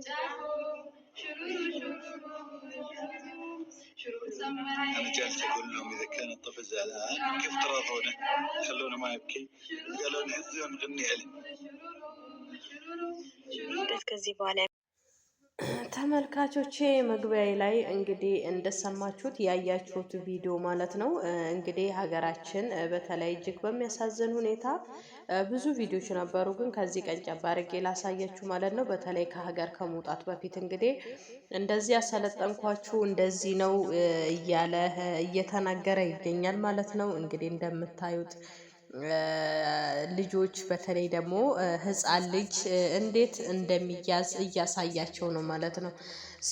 انا جالس اقول لهم اذا كان الطفل زعلان كيف تراضونه؟ خلونا ما يبكي قالوا نهزه ونغني عليه عليه ተመልካቾቼ መግቢያ ላይ እንግዲህ እንደሰማችሁት ያያችሁት ቪዲዮ ማለት ነው። እንግዲህ ሀገራችን በተለይ እጅግ በሚያሳዝን ሁኔታ ብዙ ቪዲዮች ነበሩ፣ ግን ከዚህ ቀን ጨባርጌ ላሳያችሁ ማለት ነው። በተለይ ከሀገር ከመውጣት በፊት እንግዲህ እንደዚህ ያሰለጠንኳችሁ እንደዚህ ነው እያለ እየተናገረ ይገኛል ማለት ነው። እንግዲህ እንደምታዩት ልጆች በተለይ ደግሞ ህፃን ልጅ እንዴት እንደሚያዝ እያሳያቸው ነው ማለት ነው።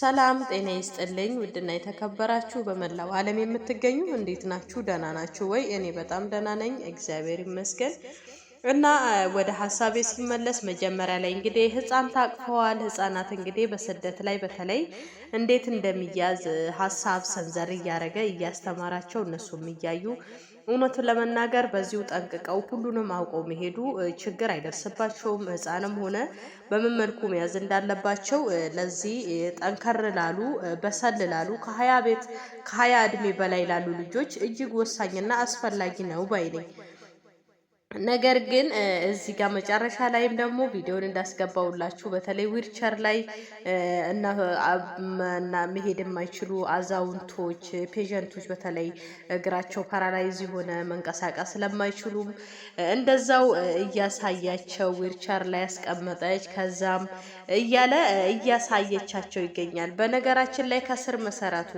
ሰላም ጤና ይስጥልኝ። ውድና የተከበራችሁ በመላው ዓለም የምትገኙ እንዴት ናችሁ? ደህና ናችሁ ወይ? እኔ በጣም ደህና ነኝ፣ እግዚአብሔር ይመስገን። እና ወደ ሀሳቤ ሲመለስ መጀመሪያ ላይ እንግዲህ ህፃን ታቅፈዋል። ህፃናት እንግዲህ በስደት ላይ በተለይ እንዴት እንደሚያዝ ሀሳብ ሰንዘር እያደረገ እያስተማራቸው እነሱም እያዩ እውነቱን ለመናገር በዚሁ ጠንቅቀው ሁሉንም አውቀው መሄዱ ችግር አይደርስባቸውም። ህፃንም ሆነ በምን መልኩ መያዝ እንዳለባቸው ለዚህ ጠንከር ላሉ በሰል ላሉ ከሀያ ቤት ከሀያ እድሜ በላይ ላሉ ልጆች እጅግ ወሳኝና አስፈላጊ ነው ባይ ነኝ። ነገር ግን እዚህ ጋር መጨረሻ ላይም ደግሞ ቪዲዮን እንዳስገባውላችሁ በተለይ ዊልቸር ላይ እና መሄድ የማይችሉ አዛውንቶች ፔሸንቶች በተለይ እግራቸው ፓራላይዝ የሆነ መንቀሳቀስ ስለማይችሉም እንደዛው እያሳያቸው ዊልቸር ላይ ያስቀመጠች ከዛም እያለ እያሳየቻቸው ይገኛል። በነገራችን ላይ ከስር መሰረቱ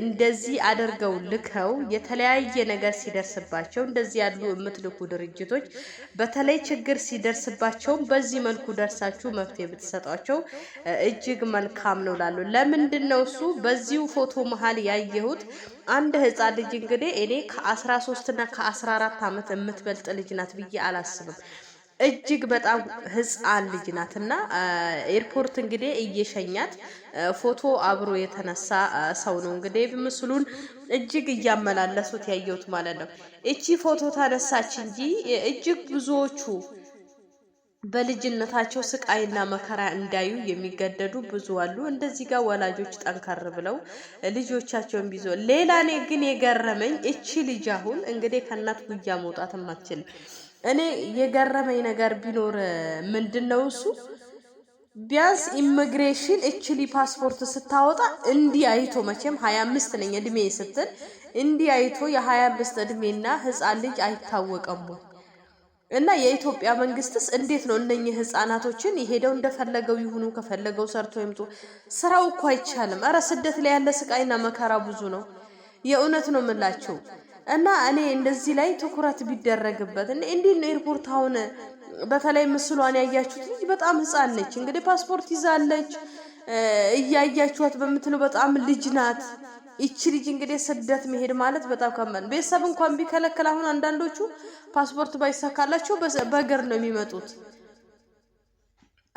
እንደዚህ አድርገው ልከው የተለያየ ነገር ሲደርስባቸው እንደዚህ ያሉ የምትልኩ ድርጅቶች በተለይ ችግር ሲደርስባቸውም በዚህ መልኩ ደርሳችሁ መፍትሄ ብትሰጧቸው እጅግ መልካም ነው ላሉ ለምንድን ነው እሱ በዚሁ ፎቶ መሀል ያየሁት አንድ ህፃን ልጅ እንግዲህ እኔ ከአስራ ሶስት እና ከአስራ አራት ዓመት የምትበልጥ ልጅ ናት ብዬ አላስብም። እጅግ በጣም ህፃን ልጅ ናት እና ኤርፖርት እንግዲህ እየሸኛት ፎቶ አብሮ የተነሳ ሰው ነው እንግዲህ ምስሉን እጅግ እያመላለሱት ያየሁት ማለት ነው። እቺ ፎቶ ተነሳች እንጂ እጅግ ብዙዎቹ በልጅነታቸው ስቃይና መከራ እንዳዩ የሚገደዱ ብዙ አሉ። እንደዚህ ጋር ወላጆች ጠንከር ብለው ልጆቻቸውን ቢዞ ሌላ እኔ ግን የገረመኝ እቺ ልጅ አሁን እንግዲህ ከእናት ጉያ መውጣት አትችልም። እኔ የገረመኝ ነገር ቢኖር ምንድን ነው እሱ ቢያንስ ኢሚግሬሽን እችሊ ፓስፖርት ስታወጣ እንዲህ አይቶ መቼም ሀያ አምስት ነኝ እድሜ ስትል እንዲህ አይቶ የሀያ አምስት እድሜና ህፃን ልጅ አይታወቀም ወይ? እና የኢትዮጵያ መንግስትስ እንዴት ነው እነኚህ ህፃናቶችን የሄደው እንደፈለገው ይሁኑ፣ ከፈለገው ሰርቶ ይምጡ። ስራው እኮ አይቻልም። እረ ስደት ላይ ያለ ስቃይና መከራ ብዙ ነው። የእውነት ነው ምላቸው እና እኔ እንደዚህ ላይ ትኩረት ቢደረግበት እንዲህ ነው። ኤርፖርት አሁን በተለይ ምስሏን ያያችሁት ልጅ በጣም ህፃን ነች። እንግዲህ ፓስፖርት ይዛለች እያያችኋት በምትለው በጣም ልጅ ናት። ይቺ ልጅ እንግዲህ ስደት መሄድ ማለት በጣም ከመን ቤተሰብ እንኳን ቢከለከል አሁን አንዳንዶቹ ፓስፖርት ባይሳካላቸው በእግር ነው የሚመጡት።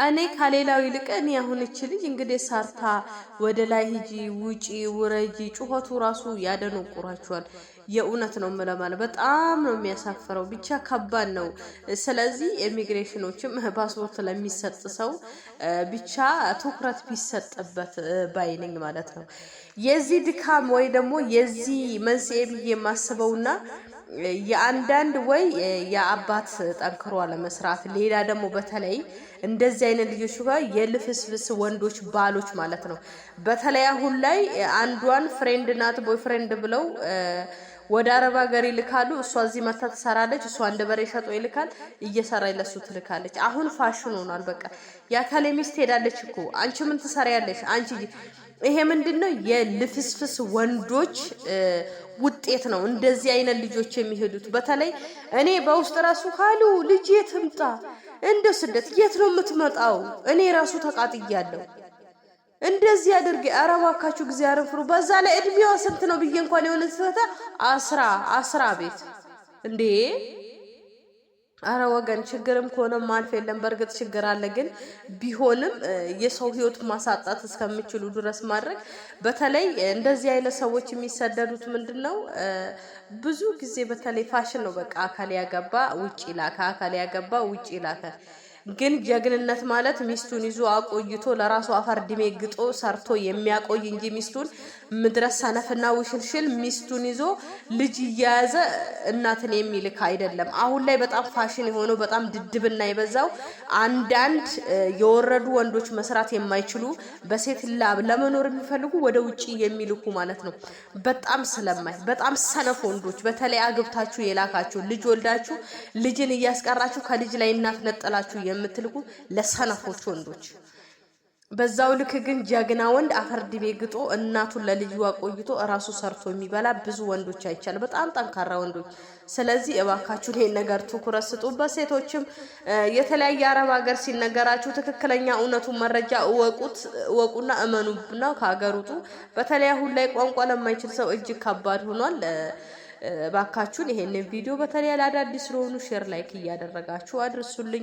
እኔ ከሌላው ይልቅ እኔ አሁን እች ልጅ እንግዲህ ሰርታ ወደ ላይ ሂጂ፣ ውጪ፣ ውረጂ፣ ጩኸቱ ራሱ ያደነቁራቸዋል። የእውነት ነው ምለማለ በጣም ነው የሚያሳፍረው። ብቻ ከባድ ነው። ስለዚህ ኢሚግሬሽኖችም ፓስፖርት ለሚሰጥ ሰው ብቻ ትኩረት ቢሰጥበት ባይነኝ ማለት ነው። የዚህ ድካም ወይ ደግሞ የዚህ መንስኤ ብዬ የማስበውና የአንዳንድ ወይ የአባት ጠንክሮ አለመስራት፣ ሌላ ደግሞ በተለይ እንደዚህ አይነት ልጆች ጋር የልፍስፍስ ወንዶች ባሎች ማለት ነው። በተለይ አሁን ላይ አንዷን ፍሬንድ ናት ቦይ ፍሬንድ ብለው ወደ አረብ ሀገር ይልካሉ። እሷ እዚህ መታ ትሰራለች። እሷ እንደ በሬ ሸጦ ይልካል። እየሰራ ይለሱ ትልካለች። አሁን ፋሽን ሆኗል። በቃ የአካሌ ሚስት ሄዳለች እኮ አንቺ ምን ትሰሪያለሽ? አንቺ ይሄ ምንድን ነው? የልፍስፍስ ወንዶች ውጤት ነው። እንደዚህ አይነት ልጆች የሚሄዱት በተለይ እኔ በውስጥ ራሱ ካሉ ልጅ የት እንደ ስደት የት ነው የምትመጣው? እኔ ራሱ ተቃጥያለሁ። እንደዚህ አድርጌ ኧረ እባካችሁ ጊዜ አረፍሩ። በዛ ላይ እድሜዋ ስንት ነው ብዬ እንኳን የሆነ ስህተት አስራ አስራ ቤት እንዴ! አረ ወገን ችግርም ከሆነ ማልፍ የለም። በእርግጥ ችግር አለ፣ ግን ቢሆንም የሰው ህይወት ማሳጣት እስከሚችሉ ድረስ ማድረግ። በተለይ እንደዚህ አይነት ሰዎች የሚሰደዱት ምንድን ነው ብዙ ጊዜ በተለይ ፋሽን ነው። በቃ አካል ያገባ ውጭ ላከ፣ አካል ያገባ ውጭ ላከ። ግን ጀግንነት ማለት ሚስቱን ይዞ አቆይቶ ለራሱ አፈር ድሜ ግጦ ሰርቶ የሚያቆይ እንጂ ሚስቱን ምድረ ሰነፍና ውሽልሽል ሚስቱን ይዞ ልጅ እየያዘ እናትን የሚልክ አይደለም። አሁን ላይ በጣም ፋሽን የሆነው በጣም ድድብና የበዛው አንዳንድ የወረዱ ወንዶች መስራት የማይችሉ በሴት ላብ ለመኖር የሚፈልጉ ወደ ውጭ የሚልኩ ማለት ነው። በጣም ስለማይ በጣም ሰነፍ ወንዶች በተለይ አግብታችሁ የላካችሁ ልጅ ወልዳችሁ ልጅን እያስቀራችሁ ከልጅ ላይ እናት ነጠላችሁ የምትልቁ ለሰነፎች ወንዶች በዛው ልክ ግን ጀግና ወንድ አፈር ድሜ ግጦ እናቱን ለልዩ አቆይቶ እራሱ ሰርቶ የሚበላ ብዙ ወንዶች አይቻል። በጣም ጠንካራ ወንዶች። ስለዚህ እባካችሁ ይሄን ነገር ትኩረት ስጡበት። ሴቶችም የተለያየ አረብ ሀገር ሲነገራችሁ ትክክለኛ እውነቱን መረጃ እወቁት፣ እወቁና እመኑና ከሀገር ውጡ። በተለይ አሁን ላይ ቋንቋ ለማይችል ሰው እጅግ ከባድ ሆኗል። እባካችሁን ይሄንን ቪዲዮ በተለይ ለአዳዲስ ስለሆኑ ሼር ላይክ እያደረጋችሁ አድርሱልኝ።